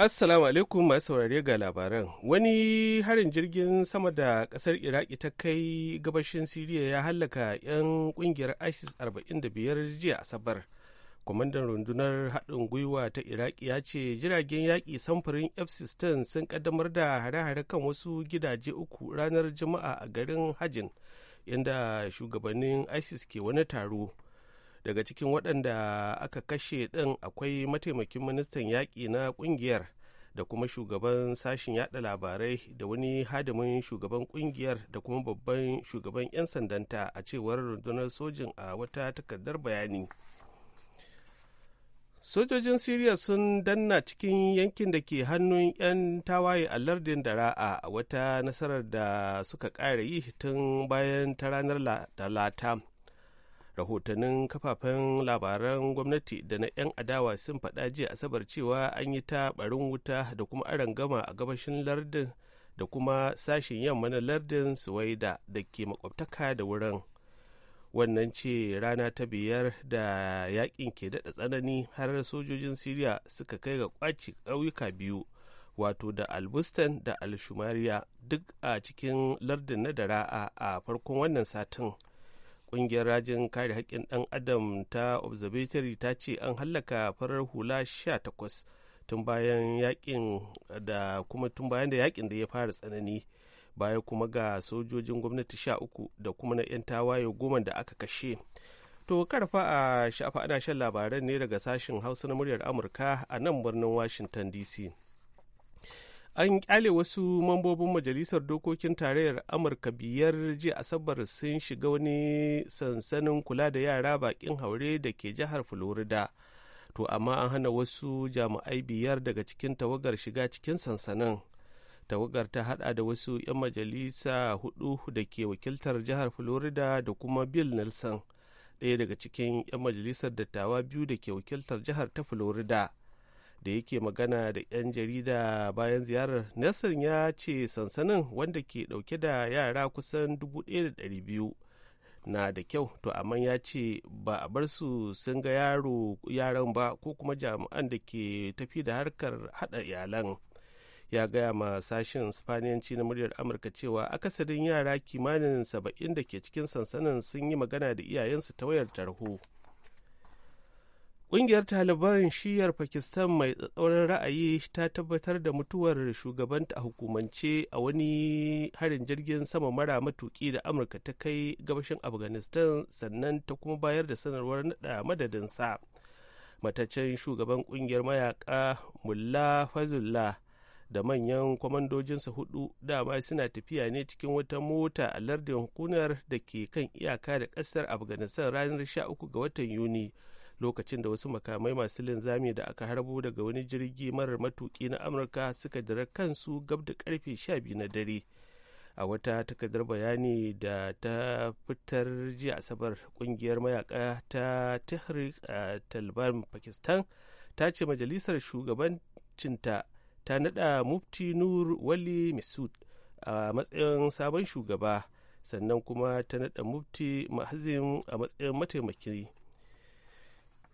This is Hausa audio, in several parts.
Assalamu alaikum masu saurare ga labaran. Wani harin jirgin sama da kasar Iraki ta kai gabashin Siriya ya hallaka 'yan kungiyar ISIS 45 jiya Asabar. Kwamandan rundunar haɗin gwiwa ta Iraki ya ce jiragen yaƙi samfurin F-16 sun ƙaddamar da hare-hare kan wasu gidaje uku ranar Juma'a a garin Hajin, inda shugabannin ISIS ke wani taro. daga cikin waɗanda aka kashe ɗin akwai mataimakin ministan yaƙi na ƙungiyar da kuma shugaban sashen yaɗa labarai da wani hadimin shugaban ƙungiyar da kuma babban shugaban 'yan sandanta a cewar rundunar sojin a wata takardar bayani sojojin siriya sun danna cikin yankin da ke hannun 'yan tawaye a lardin da ra'a a wata nasarar da suka ƙara yi tun bayan ta ranar talata rahotannin kafafen labaran gwamnati da na 'yan adawa sun faɗa jiya asabar cewa an yi ta barin wuta da kuma gama a gabashin lardin da kuma sashen yamma na lardin suwaida da ke makwabtaka da wurin wannan ce rana ta biyar da yakin ke daɗa tsanani har sojojin siriya suka kai ga kwaci ƙauyuka biyu wato da albustan da alshumariya duk a cikin lardin na dara'a a farkon wannan satin Ƙungiyar rajin kare haƙƙin ɗan adam ta Observatory ta ce an hallaka farar hula 18 tun bayan yakin da kuma tun bayan da yakin da ya fara tsanani baya kuma ga sojojin gwamnati 13 da kuma na 'yan tawaye goma da aka kashe. To karfa a shafa ana shan labaran ne daga sashen Hausa na muryar Amurka a nan birnin Washington DC. an kyale wasu mambobin majalisar dokokin tarayyar amurka biyar jiya asabar sun shiga wani sansanin kula da yara bakin haure da ke jihar florida to amma an hana wasu jami'ai biyar daga cikin tawagar shiga cikin sansanin tawagar ta hada da wasu 'yan majalisa hudu da ke wakiltar jihar florida da kuma bill nelson ɗaya daga cikin 'yan majalisar dattawa biyu da ke wakiltar jihar ta florida da yake magana da 'yan jarida bayan ziyarar nelson ya ce sansanin wanda ke dauke da yara kusan 1,200 na da kyau to amma ya ce ba a bar su sun ga yaro yaran ba ko kuma jami'an da ke tafi da harkar hada iyalan ya gaya ma sashen spaniyanci na muryar amurka cewa akasarin yara kimanin saba'in da ke cikin sansanin sun yi magana da iyayensu ta wayar tarho. Ƙungiyar Taliban shiyar Pakistan mai tsatsauran ra'ayi ta tabbatar da mutuwar shugabanta a hukumance a wani harin jirgin sama mara matuƙi da Amurka ta kai gabashin Afghanistan sannan ta kuma bayar da sanarwar naɗa madadinsa. Mataccen shugaban ƙungiyar mayaƙa Mullah Fazullah da manyan kwamandojinsa hudu dama suna tafiya ne cikin wata mota a lardin hukunar da ke kan iyaka da ƙasar Afghanistan ranar 13 ga watan Yuni. lokacin da wasu makamai masu linzami da aka harbo daga wani jirgi marar matuki na amurka suka dira kansu gab da karfe 12 na dare a wata takardar bayani da ta fitar jiya asabar kungiyar mayaka ta tehrik a taliban pakistan ta ce majalisar shugabancinta ta nada mufti nur wali misud a matsayin sabon shugaba sannan kuma ta nada mufti mahazin a matsayin mataimaki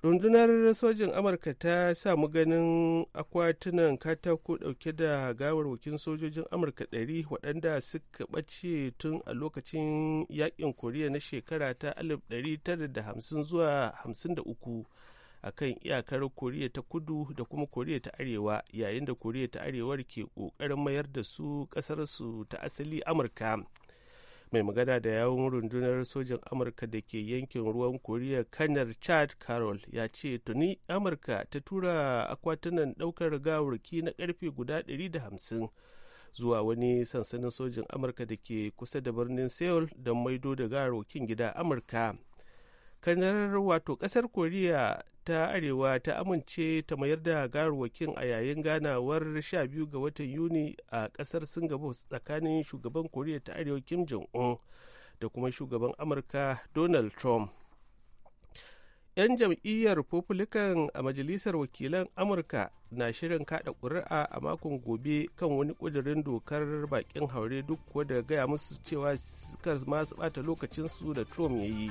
rundunar sojin amurka ta samu ganin akwatunan katako dauke da gawarwakin sojojin amurka 100 waɗanda suka ɓace tun a lokacin yakin koriya na shekara ta 1950 zuwa 53 a kan iyakar koriya ta kudu da kuma koriya ta arewa yayin da koriya ta arewar ke ƙoƙarin mayar da su ƙasarsu ta asali amurka mai magana da yawun rundunar sojin amurka da ke yankin ruwan koriya kanar chad carol ya ce tuni amurka ta tura akwatunan daukar gawarki na karfe guda 150 zuwa wani sansanin sojin amurka da ke kusa da birnin seoul don maido da gawurkin gida amurka kanar wato kasar koriya ta arewa ta amince ta mayar da gawarwakin a yayin ganawar 12 ga watan yuni a kasar singapore tsakanin shugaban koriya ta arewa kim jong-un da kuma shugaban amurka donald trump 'yan jam'iyyar republican a majalisar wakilan amurka na shirin kada ƙuri'a a makon gobe kan wani kudurin dokar bakin haure duk da gaya musu cewa ma masu bata lokacinsu da trump ya yi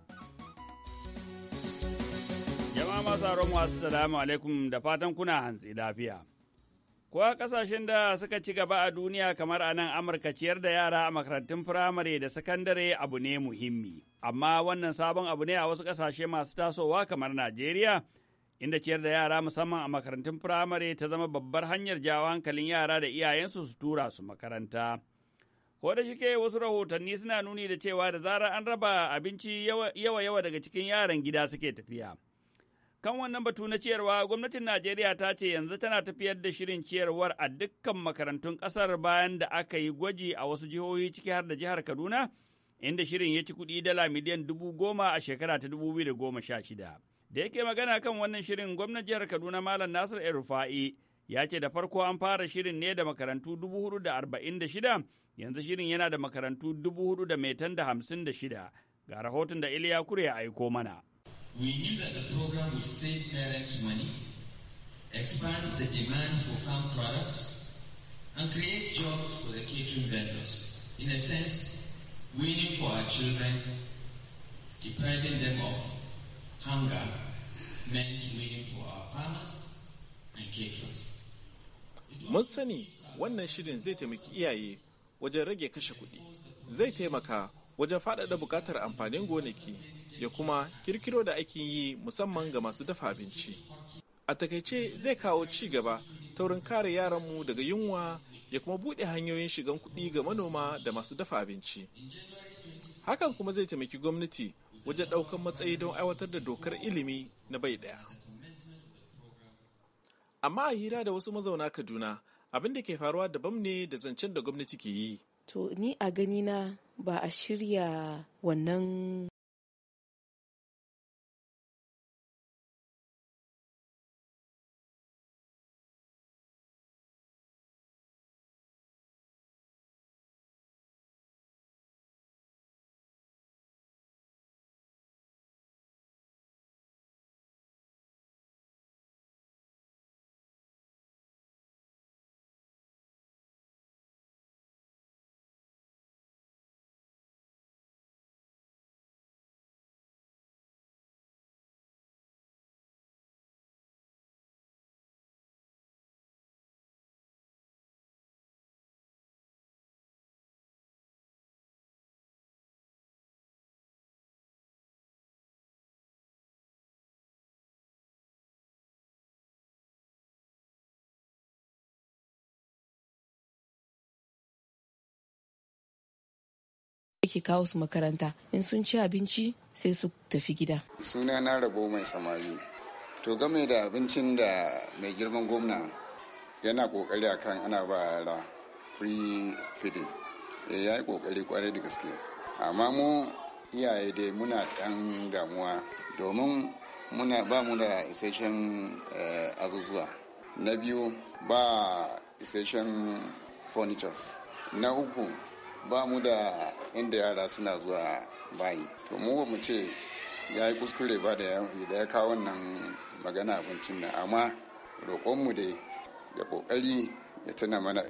jama'a masu wasu salamu alaikum da fatan kuna hantsi lafiya. Kowa kasashen da suka ci gaba a duniya kamar a nan Amurka ciyar da yara a makarantun firamare da sakandare abu ne muhimmi, amma wannan sabon abu ne a wasu kasashe masu tasowa kamar Najeriya, inda ciyar da yara musamman a makarantun firamare ta zama babbar hanyar jawo hankalin yara da iyayensu su tura su makaranta. ko da shike wasu rahotanni suna nuni da cewa da zarar an raba abinci yawa-yawa daga cikin yaran gida suke tafiya. Kan wannan batu na ciyarwa, gwamnatin Najeriya ta ce yanzu tana tafiyar da shirin ciyarwar a dukkan makarantun ƙasar bayan da aka yi gwaji a wasu jihohi ciki har da jihar Kaduna, inda shirin ya ci kuɗi dala miliyan dubu goma a shekara ta dubu biyu da goma sha shida. Da yake magana kan wannan shirin gwamnan jihar Kaduna Malam Nasir El-Rufa'i ya ce da farko an fara shirin ne da makarantu dubu hudu da arba'in da shida, yanzu shirin yana da makarantu dubu hudu da metan da hamsin da shida. Ga rahoton da Iliya Kure ya aiko mana. We knew that the program would save parents money, expand the demand for farm products, and create jobs for the catering vendors. In a sense, winning for our children, depriving them of hunger, meant winning for our farmers and caterers. Mun sani wannan shirin zai taimaki iyaye wajen rage kashe kuɗi, zai taimaka wajen faɗaɗa buƙatar amfanin gonaki ya kuma kirkiro da aikin yi musamman ga masu dafa abinci. A takaice zai kawo ci gaba ta wurin kare yaranmu daga yunwa ya kuma buɗe hanyoyin shigan kuɗi ga manoma da masu dafa abinci. Hakan kuma zai taimaki gwamnati wajen ɗaukar matsayi don aiwatar da dokar ilimi na bai ɗaya. Amma a hira da wasu mazauna Kaduna abin da ke faruwa dabam ne da zancen da gwamnati ke yi. To ni a gani na ba a shirya wannan yake kawo su makaranta in sun ci abinci sai su tafi gida suna na rabo mai samari to game da abincin da mai girman gwamna yana kokari akan ana ba ra free feeding eh, ya yi kokari kwarai da gaske amma mu iyaye dai muna dan damuwa domin muna ba mu da isasshen eh, azuzuwa na biyu ba isasshen furnitures na uku ba mu da inda yara suna zuwa bayi to mu mu ce ya yi kuskure ba da ya kawo wannan magana abincin nan amma roƙonmu dai ya ƙoƙari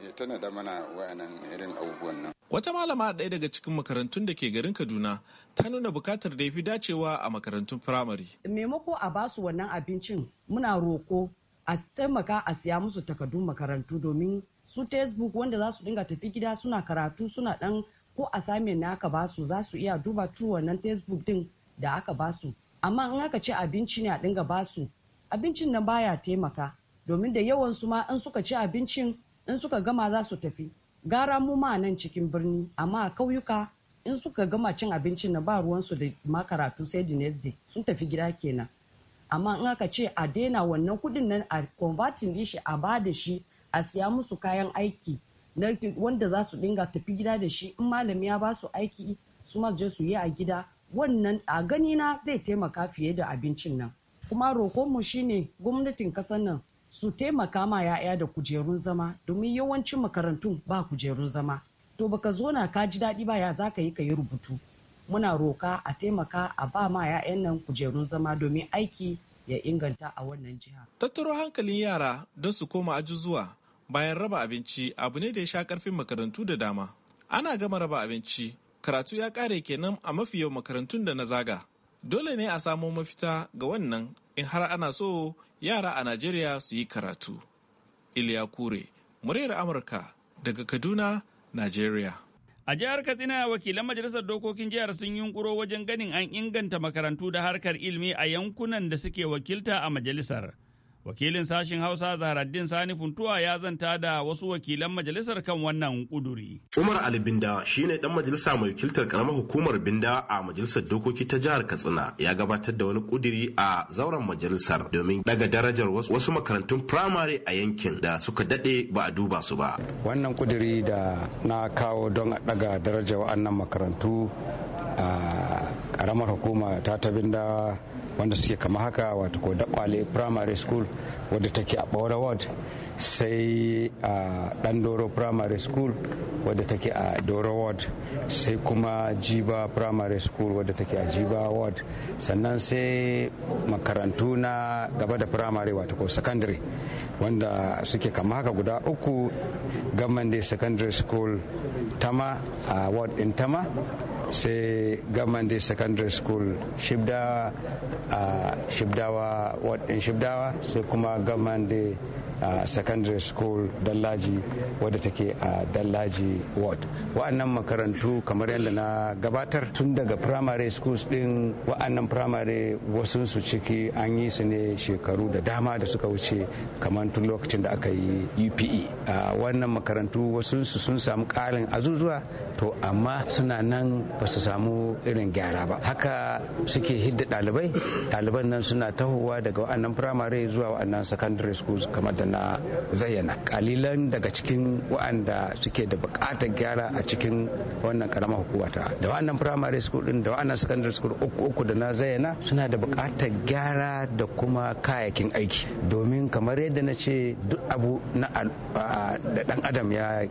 ya tana da mana wa'annan irin abubuwan nan. Wata malama ɗaya daga cikin makarantun da ke garin Kaduna ta nuna bukatar da ya fi dacewa a makarantun firamare. Maimako a basu wannan abincin muna roko a taimaka a siya musu takardun makarantu domin su facebook wanda za su dinga tafi gida suna karatu suna dan ko assignment na aka ba su za su iya duba through wannan facebook din da aka ba su amma in aka ce abinci ne a dinga ba su, abincin nan baya taimaka domin da yawan su ma in suka ci abincin in suka gama za su tafi gara mu ma nan cikin birni amma a kauyuka in suka gama cin abincin na ba ruwan su da ma karatu sai the next day sun tafi gida kenan amma in aka ce a daina wannan kudin nan a converting shi a ba da shi a siya musu kayan aiki wanda za su dinga tafi gida da shi in malami ya ba su aiki su ma je su yi a gida wannan a gani na zai taimaka fiye da abincin nan kuma roƙonmu shine gwamnatin ƙasar nan su taimaka ma ya'ya da kujerun zama domin yawancin makarantun ba kujerun zama to baka zo na ka ji daɗi ba ya za ka yi ka yi rubutu muna roka a taimaka a ba ma 'ya'yan nan kujerun zama domin aiki ya inganta a wannan jiha. Tattaro hankalin yara don su koma ajuzuwa bayan raba abinci abu ne da ya sha karfin makarantu da dama ana gama raba abinci karatu ya kare kenan a mafi yawan makarantun da na zaga dole ne a samo mafita ga wannan in har ana so yara a najeriya su yi karatu iliya kure muryar amurka daga kaduna najeriya A jihar Katsina wakilan majalisar dokokin jihar sun yunkuro wajen ganin an inganta makarantu da harkar ilimi a yankunan da suke wakilta a majalisar. Wakilin sashen Hausa Zaharaddin Sani Funtuwa ya zanta da wasu wakilan majalisar kan wannan kuduri. Umar Ali Binda shi ne ɗan majalisa mai wakiltar karamar hukumar Binda a majalisar dokoki ta jihar Katsina ya gabatar da wani kuduri a zauren majalisar domin daga darajar wasu makarantun firamare a yankin da suka dade ba a duba su ba. Wannan kuduri da na kawo don a daga darajar wa'annan makarantu a ah, karamar hukuma ta tabinda wanda suke kama haka wata ko dakwale primary school wadda take a bora ward sai a dan doro primary school wadda take a doro ward sai kuma jiba primary school wadda take a jiba ward sannan sai makarantu na gaba da primary wata ko secondary wanda suke kama haka guda uku gamman secondary school tama a ward din tama se gaman day secondary school shibdawa uh, shibdawa what eh, in shibdawa se kuma gaman day a secondary school dallaji wadda take a dallaji ward wa'annan makarantu kamar yadda na gabatar tun daga primary schools din wa'annan primary wasunsu ciki an yi su ne shekaru da dama da suka wuce kamar tun lokacin da aka yi upe wannan makarantu wasunsu sun samu ƙarin azuzuwa to amma suna nan ba su samu irin gyara ba haka suke hidda ɗalibai ɗaliban nan suna tahowa daga wa'annan primary zuwa wa'annan secondary schools kamar da na zayyana kalilan daga cikin wa'anda suke da bukatar gyara a cikin wannan karamar hukuma ta da wannan primary school din da wannan secondary school uku uku da na zayyana suna da bukatar gyara da kuma kayayyakin aiki domin kamar yadda na ce duk abu na da dan adam ya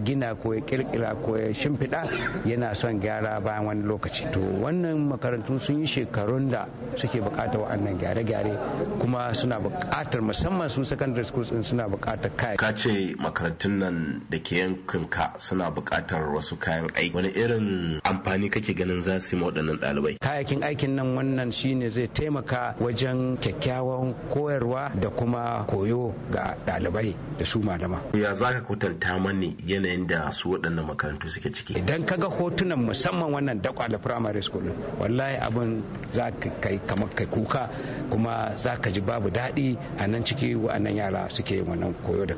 gina ko ya kirkira ko ya shimfiɗa yana son gyara bayan wani lokaci to wannan makarantu sun yi shekarun da suke bukatar wa'annan gyare-gyare kuma suna buƙatar musamman musamman su secondary schools din suna bukatar kai ka ce makarantun nan da ke yankin suna bukatar wasu kayan aiki wani irin amfani kake ganin za su yi waɗannan ɗalibai kayakin aikin nan wannan shine zai taimaka wajen kyakkyawan koyarwa da kuma koyo ga ɗalibai da su malama ya za ka kwatanta mani yanayin da su waɗannan makarantu suke ciki idan ka ga hotunan musamman wannan dakwale primary school wallahi abin za ka kai kamar kai kuka kuma za ka ji babu daɗi a nan ciki ciki wa'annan yara suke wannan koyo da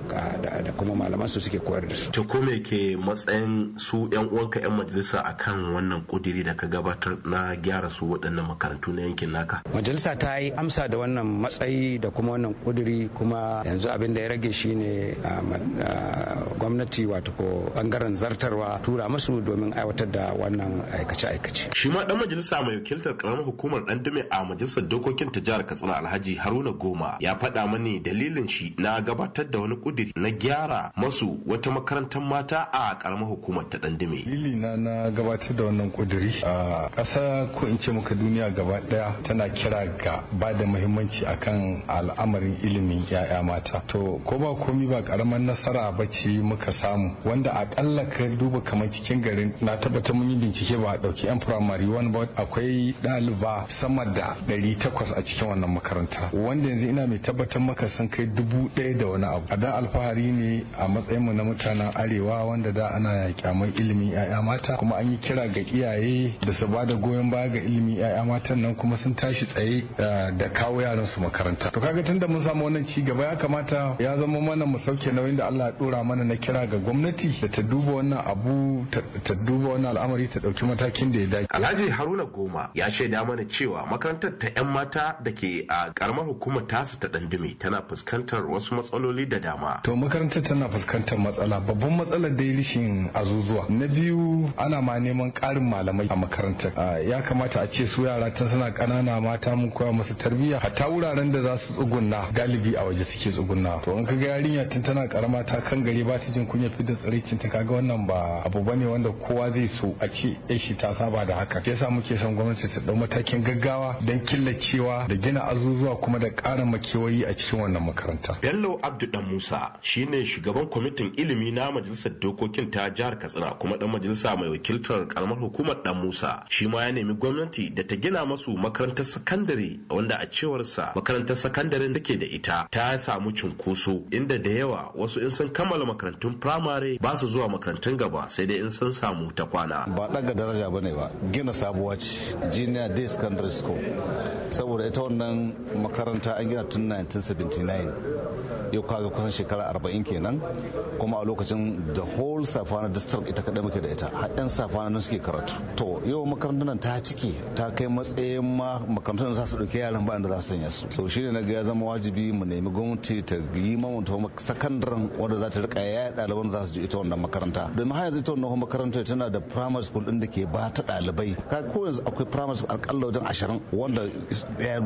kuma malaman su suke koyar da su. To ko mai ke matsayin su yan uwanka yan majalisa kan wannan kudiri da ka gabatar na gyara su waɗannan makarantu na yankin naka? Majalisa ta yi amsa da wannan matsayi da kuma wannan kudiri kuma yanzu abin da ya rage shi ne gwamnati wato ko bangaren zartarwa tura musu domin aiwatar da wannan aikace-aikace. Shi ma dan majalisa mai wakiltar karamar hukumar dan dume a majalisar dokokin ta jihar Katsina Alhaji Haruna Goma ya faɗa mani dalilin shi na gabatar da wani kudiri na gyara masu wata makarantar mata a karamar hukumar ta dandume. dalili na na gabatar da wannan kudiri a ƙasa ko in ce muka duniya gaba daya tana kira ga ba da muhimmanci akan al'amarin ilimin ya'ya mata to ko ba komi ba karamar nasara ba ce muka samu wanda akalla ka duba kamar cikin garin na tabbatar mun yi bincike ba a ɗauki yan firamare wani ba akwai ɗaliba sama da 800 a cikin wannan makaranta wanda yanzu ina mai tabbatar maka aka san kai dubu ɗaya da wani abu A da alfahari ne a matsayinmu na mutanen arewa wanda da ana kyaman ilimin 'ya'ya mata kuma an yi kira ga iyaye da su ba da goyon baya ga ilimin 'ya'ya matan nan kuma sun tashi tsaye eh, da kawo yaran su makaranta to kaga tunda mun samu wannan ci gaba ya kamata ya zama mana mu sauke nauyin da Allah ya dora mana na kira ga gwamnati da ta duba wannan abu ta duba wannan al'amari ta dauki matakin da ya dace Alhaji Haruna Goma ya shaida mana cewa makarantar ta 'yan mata da ke a karamar hukumar tasu ta Dandume tana tana fuskantar wasu matsaloli da dama to makarantar tana fuskantar matsala babban matsalar da rishin azuzuwa na biyu ana ma neman ƙarin malamai a makarantar ya kamata a ce su yara tun suna ƙanana mata mun koya musu tarbiyya hatta wuraren da za su tsugunna galibi a waje suke tsugunna to in ka ga yarinya tun tana karama ta kan gari ba ta jin kunya fitar tsiraicin ta kaga wannan ba abu bane wanda kowa zai so a ce eh shi ta saba da haka yasa muke son gwamnati ta dau matakin gaggawa don killacewa da gina azuzuwa kuma da ƙara makewayi a cikin wannan makaranta. Bello Abdu Dan Musa shine shugaban kwamitin ilimi na majalisar dokokin ta jihar Katsina kuma dan majalisa mai wakiltar karamar hukumar Dan Musa shi ma ya nemi gwamnati da ta gina masu makarantar sakandare wanda a cewarsa makarantar sakandare da ke da ita ta samu cunkoso inda da yawa wasu in sun kammala makarantun firamare ba su zuwa makarantun gaba sai dai in sun samu ta kwana. Ba ɗaga daraja bane ba gina sabuwa ce junior day secondary school saboda ita wannan makaranta an gina tun 1970 1979 yau kaga kusan shekara 40 kenan kuma a lokacin the whole safana district ita kaɗai muke da ita har 'yan safana nan suke karatu to yau makarantar nan ta ciki ta kai matsayin ma makarantar za su ɗauki yaran ba da za su sanya su so shine na ga ya zama wajibi mu nemi gwamnati ta yi mamanta sakandaren wanda za ta rika ya ɗaliban za su je ita wannan makaranta domin har yanzu ita wannan makaranta tana da primary school ɗin da ke ba ta ɗalibai ka ko yanzu akwai primary school alƙalla wajen ashirin wanda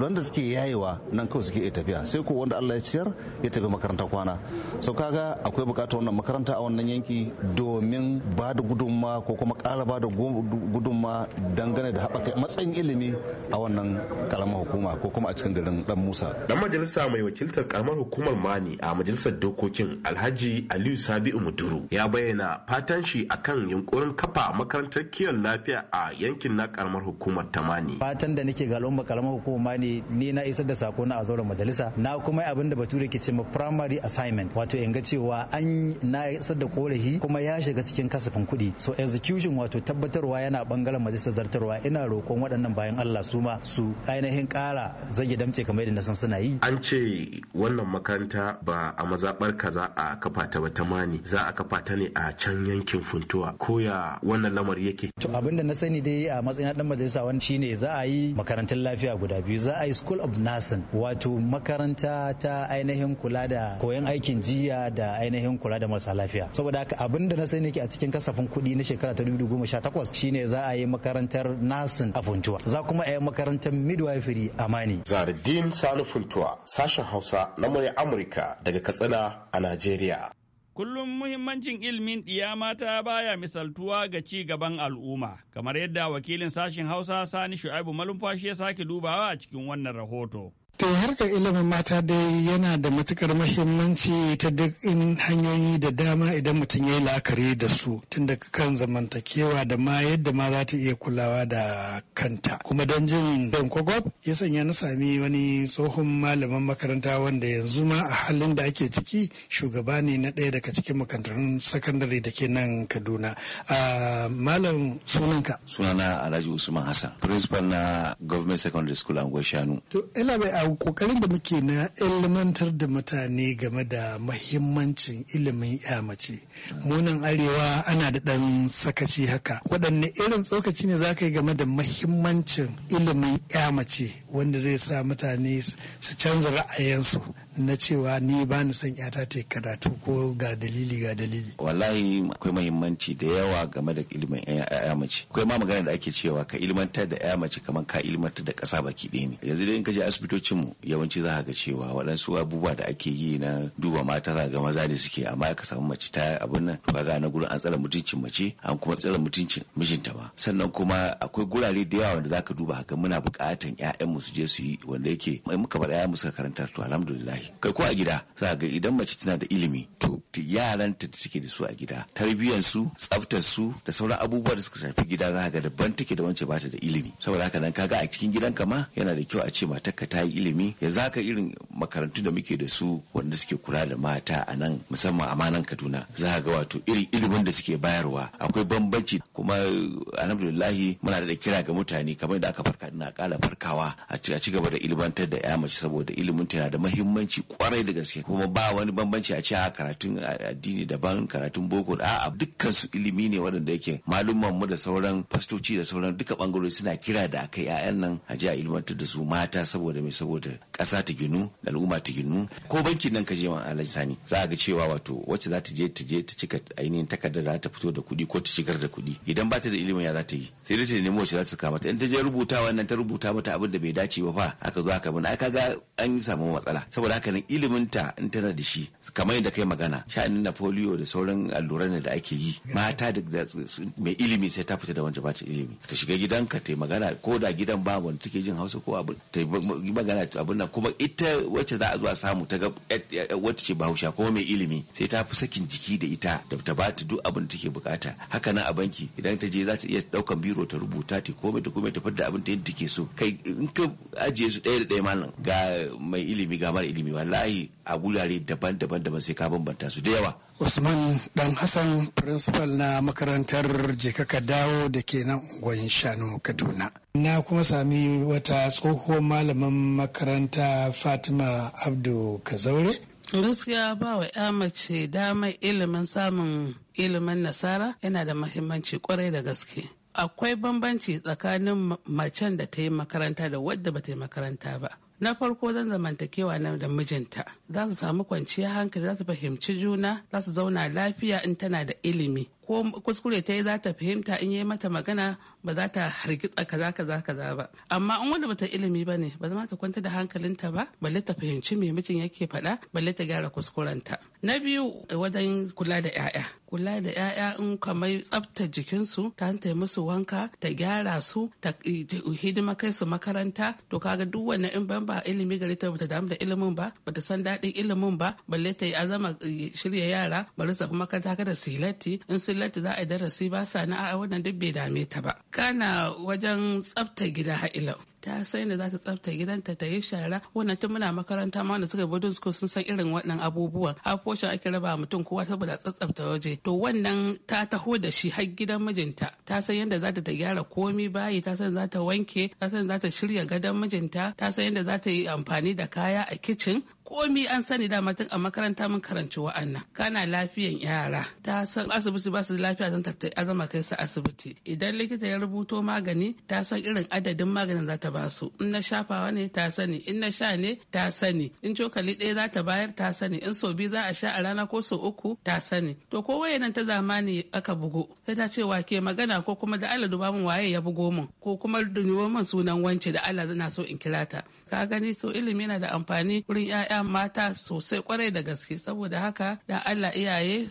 wanda suke yayewa nan kawai suke iya tafiya sai ko wanda Allah ya ciyar ya tafi makaranta kwana so kaga akwai bukatar wannan makaranta a wannan yanki domin ba da gudunma ko kuma ƙara ba da gudunma dangane da haɓaka matsayin ilimi a wannan karamar hukuma ko kuma a cikin garin ɗan Musa dan majalisa mai wakiltar karamar hukumar Mani a majalisar dokokin Alhaji Aliyu Sabi'u Muduru ya bayyana fatan shi akan yunkurin kafa makarantar kiyon lafiya a yankin na karamar hukumar Tamani fatan da nake ga al'umma karamar hukumar Mani ni na isar da sako na a zauren majalisa na kuma abin da bature ke ce ma primary assignment wato in ga cewa an na isar da korafi kuma ya shiga cikin kasafin kuɗi so execution wato tabbatarwa yana bangaren majalisar zartarwa ina roƙon waɗannan bayan Allah su ma su ainihin ƙara zage damce kamar yadda na san suna yi an ce wannan makaranta ba a ka za a kafa ta ba ta za a kafa ta ne a can yankin funtuwa ko ya wannan lamari yake to abin da na sani dai a matsayin dan majalisa wani shine za a yi makarantar lafiya guda biyu za a yi school of nursing wato makaranta ta ainihin kula da koyon aikin jiya da ainihin kula da marasa lafiya saboda haka abin da na sani ke a cikin kasafin kuɗi na shekara ta 2018 shine za a yi makarantar nasin a funtuwa za kuma a yi makarantar midwifery a mani zardin sani funtuwa sashen hausa na murya amurka daga katsina a najeriya Kullum muhimmancin ilimin ɗiya mata baya misaltuwa ga ci gaban al'umma, kamar yadda wakilin sashen Hausa Sani Shu'aibu Malumfashi ya sake dubawa a cikin wannan rahoto. harkar ilimin mata dai yana da matukar mahimmanci ta duk in hanyoyi da dama idan mutum ya yi la'akari da su tun daga kan zamantakewa da ma yadda ma za ta iya kulawa da kanta. Kuma don jin don kwagwab ya sanya na sami wani tsohon malaman makaranta wanda yanzu ma a halin da ake ciki shugaba ne na ɗaya daga cikin makarantun sakandare da ke nan Kaduna. Malam sunanka. Sunana Alhaji Usman Hassan, principal na Government Secondary School Angon Shanu. To, bai kokarin da muke na ilmantar da mutane game da mahimmancin ilimin ya mace munan arewa ana da ɗan sakaci haka waɗanne irin tsokaci ne za ka yi game da mahimmancin ilimin ya mace wanda zai sa mutane su canza ra'ayinsu na cewa ni ba ni son yata ta karatu ko ga dalili ga dalili wallahi akwai mahimmanci da yawa game da ilimin ya mace akwai ma magana da ake cewa ka ilmantar da ya mace kamar ka ilmantar da ƙasa baki ɗaya ne yanzu dai in ka je asibitocinmu yawanci za ka ga cewa waɗansu abubuwa da ake yi na duba mata za ga maza ne suke amma ka samu mace ta abin nan kaga na gurin an tsara mutuncin mace an kuma tsara mutuncin mijinta ba sannan kuma akwai gurare da yawa wanda zaka duba haka muna bukatan ƴaƴan mu su je su yi wanda yake mai muka bar ƴaƴan mu suka karanta to alhamdulillah kai ko a gida za ga idan mace tana da ilimi to yaran ta da take da su a gida tarbiyyar su tsaftar su da sauran abubuwa da suka shafi gida za ga daban take da wance bata da ilimi saboda haka nan kaga a cikin ka ma yana da kyau a ce matar ka ta yi ilimi ya zaka irin makarantu da muke da su wanda suke kula da mata a nan musamman a manan Kaduna za ga wato iri ilimin da suke bayarwa akwai bambanci kuma alhamdulillahi muna da kira ga mutane kamar da aka farka ina kala farkawa a ci gaba da ilimantar da ya mace saboda ilimin tana da mahimmanci kwarai da gaske kuma ba wani bambanci a ce a karatun addini daban karatun boko a'a dukkan su ilimi ne wadanda yake malumman mu da sauran fastoci da sauran duka bangarori suna kira da akai 'ya'yan nan a ji a ilmantar da su mata saboda mai saboda ƙasa ta ginu da al'umma ta ginu ko bankin nan ka je wa alhaji sani za ga cewa wato wacce za ta je ta je ta cika ainihin takardar da ta fito da kuɗi ko ta shigar da kuɗi idan ba ta da ilimin ya za ta yi sai dai ta nemi wacce za ta kama ta in ta je rubuta wannan ta rubuta mata abin da bai dace ba fa aka zo aka bin aka ga an yi samu matsala saboda haka nan ilimin ta in tana da shi kamar yadda kai magana sha'anin na polio da sauran alluran da ake yi mata da mai ilimi sai ta fita da wanda ba ta ilimi ta shiga gidanka ta yi magana ko da gidan ba wanda take jin hausa ko abin ta yi magana abin nan kuma ita wacce za a zo a samu ta ga eh, eh, wacce ba bahausha ko mai ilimi sai ta fi sakin jiki da ita ita da ta ba ta duk abin da take bukata haka nan a banki idan ta je za ta iya daukan biro ta rubuta ta komai da komai ta fadda abin da take so kai in ka ajiye su ɗaya da ɗaya malam ga mai ilimi ga mara ilimi wallahi a gulare daban-daban daban sai ka bambanta su da yawa Usman Dan Hassan principal na makarantar ka Dawo da ke nan unguwar Shanu Kaduna. Na kuma sami wata tsohuwar malamin makaranta Fatima Abdu Kazaure gaskiya ba wa ya mace damar ilimin samun ilimin nasara yana da mahimmanci kwarai da gaske akwai bambanci tsakanin macen da ta yi makaranta da wadda ba ta yi makaranta ba na farko zan zamantakewa na da mijinta za su samu kwanciyar hankali za su fahimci juna za su zauna lafiya in tana da ilimi ko kuskure ta yi za ta fahimta in yi mata magana ba za ta hargitsa kaza kaza kaza ba amma in wanda bata ilimi ba ne ba zama ta kwanta da hankalinta ba balle ta fahimci mai mijin yake faɗa balle ta gyara kuskurenta na biyu wajen kula da 'ya'ya kula da 'ya'ya in kamar tsafta jikinsu ta hanta musu wanka ta gyara su ta hidima kai su makaranta to kaga duk wannan in ban ba ilimi gare ta bata damu da ilimin ba bata san daɗin ilimin ba balle ta yi azama shirya yara bari su makaranta kada su latti in su illata za a darasi ba sa na a wannan duk bai dame ta ba kana wajen tsafta gida ha'ilau ta san da za ta tsafta gidanta ta yi shara wannan tun muna makaranta ma wanda suka yi bodin su sun san irin wannan abubuwan afoshin ake raba mutum kowa saboda tsatsafta waje to wannan ta taho da shi har gidan mijinta ta san yadda za ta gyara komi bayi ta san za ta wanke ta san za ta shirya gadon mijinta ta san yadda za ta yi amfani da kaya a kicin komi an sani da tun a makaranta mun karanci wa'annan kana lafiyan yara ta san asibiti ba su da lafiya zan takta azama kai su asibiti idan likita ya rubuto magani ta san irin adadin maganin za ta ba su in na shafawa ne ta sani in na sha ne ta sani in cokali ɗaya za ta bayar ta sani in sau biyu za a sha a rana ko so uku ta sani to ko waye nan ta zamani aka bugu. sai ta ce wake magana ko kuma da Allah duba mun waye ya bugo mun? ko kuma dubo mun sunan wance da Allah zana so in kira ta ka gani so ilimi yana da amfani wurin 'ya'ya mata sosai kwarai da gaske saboda haka da Allah iyaye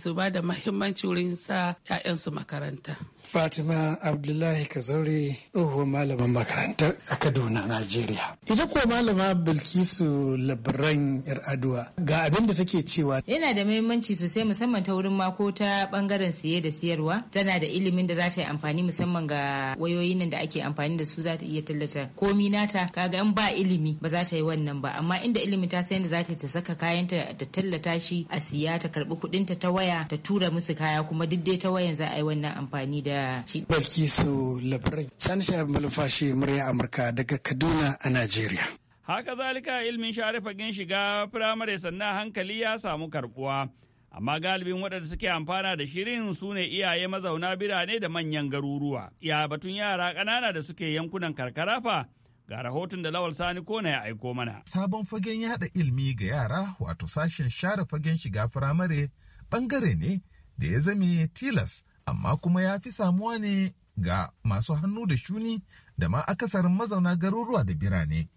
su ba da mahimmanci wurin sa 'ya'yansu makaranta. Fatima Abdullahi Kazaure tsohuwar malamin makaranta a Kaduna, Najeriya. Ita kuwa malama Bilkisu Labaran Yar'aduwa? ga abin da take cewa. Yana da mahimmanci sosai musamman ta wurin mako ta bangaren siye da siyarwa. Tana da ilimin da za ta yi amfani musamman ga wayoyin nan da ake amfani da su za ta iya tallata komi nata kaga in ba ilimi ba za ta yi wannan ba amma inda ilimi ta san da za ta ta saka kayanta ta tallata shi a siya ta karbi kudinta ta waya ta tura musu kaya kuma duk dai ta wayan za a yi wannan amfani da shi. Barki su Labarai, murya Amurka daga Kaduna a Najeriya. Haka zalika ilimin share fagen shiga firamare sannan hankali ya samu karkuwa, Amma galibin waɗanda suke amfana da shirin su ne iyaye mazauna birane da manyan garuruwa. Ya batun yara ƙanana da suke yankunan karkara fa ga rahoton da Lawal Sani Kona ya aiko mana. Sabon fagen yaɗa ilimi ga yara wato sashen share fagen shiga firamare ɓangare ne da ya zame tilas amma kuma ya fi samuwa ne ga masu hannu da shuni da ma akasarin mazauna garuruwa da birane.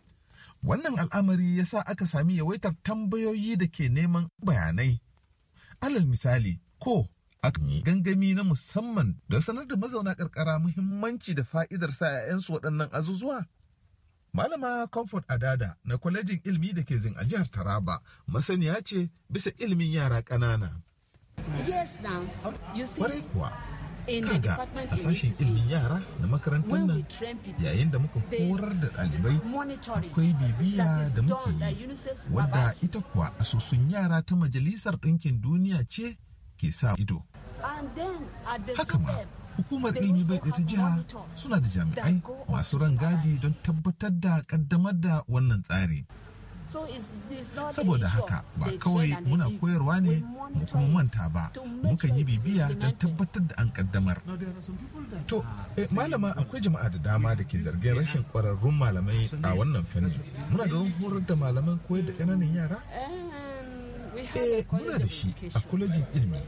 Wannan al'amari ya sa aka sami yawaitar tambayoyi da ke neman bayanai. Alal misali, ko aka yi gangami na musamman da sanar da mazauna karkara muhimmanci da fa'idar sa 'ya'yansu waɗannan azuzuwa? Malama Comfort Adada na kwalejin ilmi da ke zin a jihar Taraba masaniya ce bisa ilimin yara ƙanana. Yes, kuwa. Kaga a sashen ilimin yara na makarantar nan yayin da muka horar da ɗalibai akwai bibiya da muke yi wadda ita kuwa asusun yara ta majalisar ɗinkin duniya ce ke sa ido. Haka ma hukumar ilimi bai ta jiha suna da jami'ai masu rangaji don tabbatar da ƙaddamar da wannan tsari. saboda haka ba kawai muna koyarwa ne mu kuma manta ba mukan yi bibiya don tabbatar da an kaddamar to eh, malama akwai jama'a da dama da ke zargin rashin kwararrun malamai a wannan fannin, muna da horar da malaman koyar da ƙananan yara um, eh muna da shi a kwalejin ilimi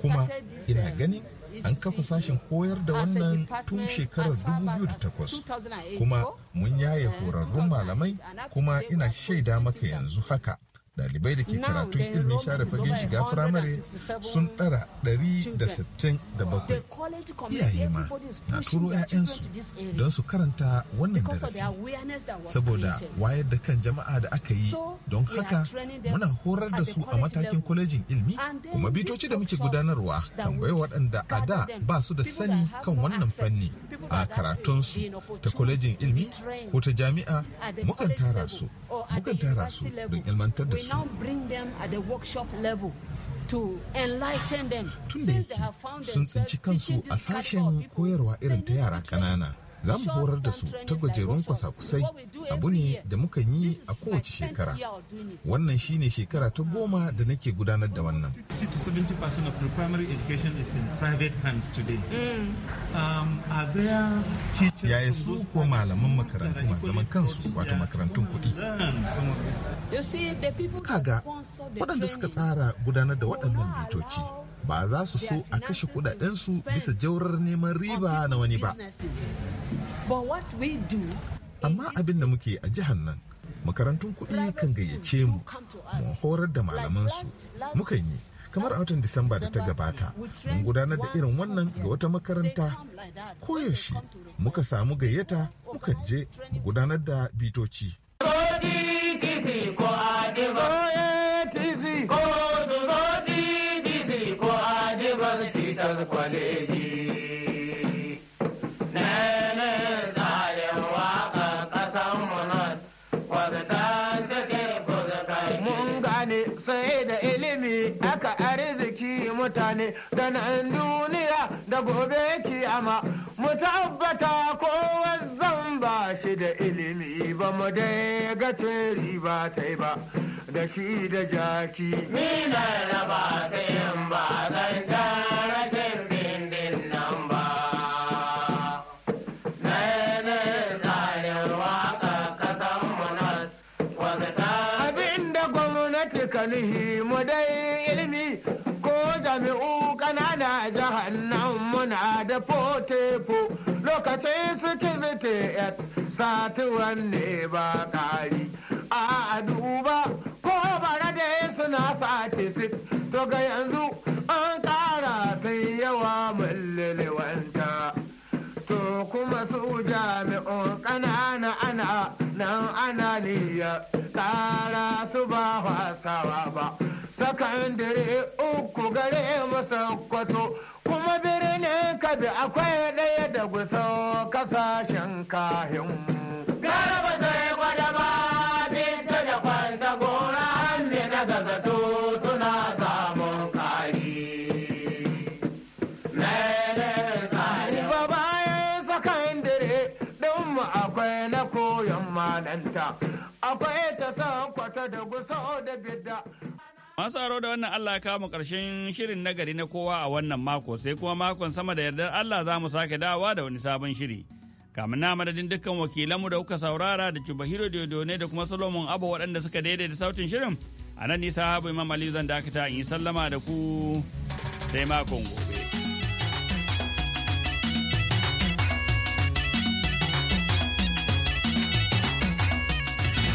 kuma ina um, ganin an kafa sashen koyar da wannan tun shekarar 2008 kuma mun yaye horarrun malamai kuma ina shaida maka yanzu haka dalibai da ke karatun ilimin share fagen shiga firamare sun ɗara 167 iyaye ma na turo 'ya'yansu don su karanta wannan darasi saboda wayar da kan jama'a da aka yi don haka muna horar da su a matakin kwalejin ilimi kuma bitoci da muke gudanarwa kan bai waɗanda a da ba su da sani kan wannan fanni a karatunsu ta kwalejin ilimi ko ta jami'a mukan tara mukan tara su don ilmantar da su now bring them at the workshop level to enlighten them. Tun da yake sun tsinci kansu a sashen koyarwa irin ta yara ƙanana. za mu horar da su ta gajerun kwasa-kusai abu ne da muka yi a kowace shekara wannan shine shekara ta goma da nake gudanar da wannan yaya su ko malaman makarantu masu zaman kansu wato makarantun kuɗi kaga waɗanda suka tsara gudanar da waɗannan bitoci ba za su so a kashe su bisa jaurar neman riba na wani ba. Amma abin da muke a jihar nan, makarantun kuɗi kan gayyace mu, mu horar da malamansu, mukan yi. kamar a watan disamba da ta gabata mun gudanar da irin wannan ga wata makaranta koyaushe muka samu gayyata muka je mu gudanar da bitoci. mutane da nan duniya da gobe kiyama mu tabbata ko zan ba shi da ilimi ba mu dai ga ba ta ba da shi da jaki ni na raba ta yin ba zan Abinda gwamnati mu dai ilimi teku lokacin suke zai yat satuwan ne ba kari a duba ko bara da suna sati sit to ga yanzu an kara sai yawa mullilwanta to kuma su jami'un kanana ana nan ana niyya su ba wasawa ba sakandare uku gare masa kwato kuma birnin kabi akwai ɗaya da gusau kasashen kahin. Garaba zai gwada ba binta da kwanta gora hannu na gazato suna samun kari. Ba bayan sakandire ɗinmu akwai na koyon malanta. Akwai ta san kwata da gusau Masu aro da wannan Allah ya kawo mu ƙarshen shirin nagari na kowa a wannan mako sai kuma makon sama da yardar Allah za mu sake dawa da wani sabon shiri. Kamin na madadin dukkan wakilanmu da kuka saurara da Cibahiro ne da kuma Solomon Abu waɗanda suka daidaita sautin shirin. A nan nisa Habu Imam Ali zan dakata in yi sallama da ku sai makon gobe.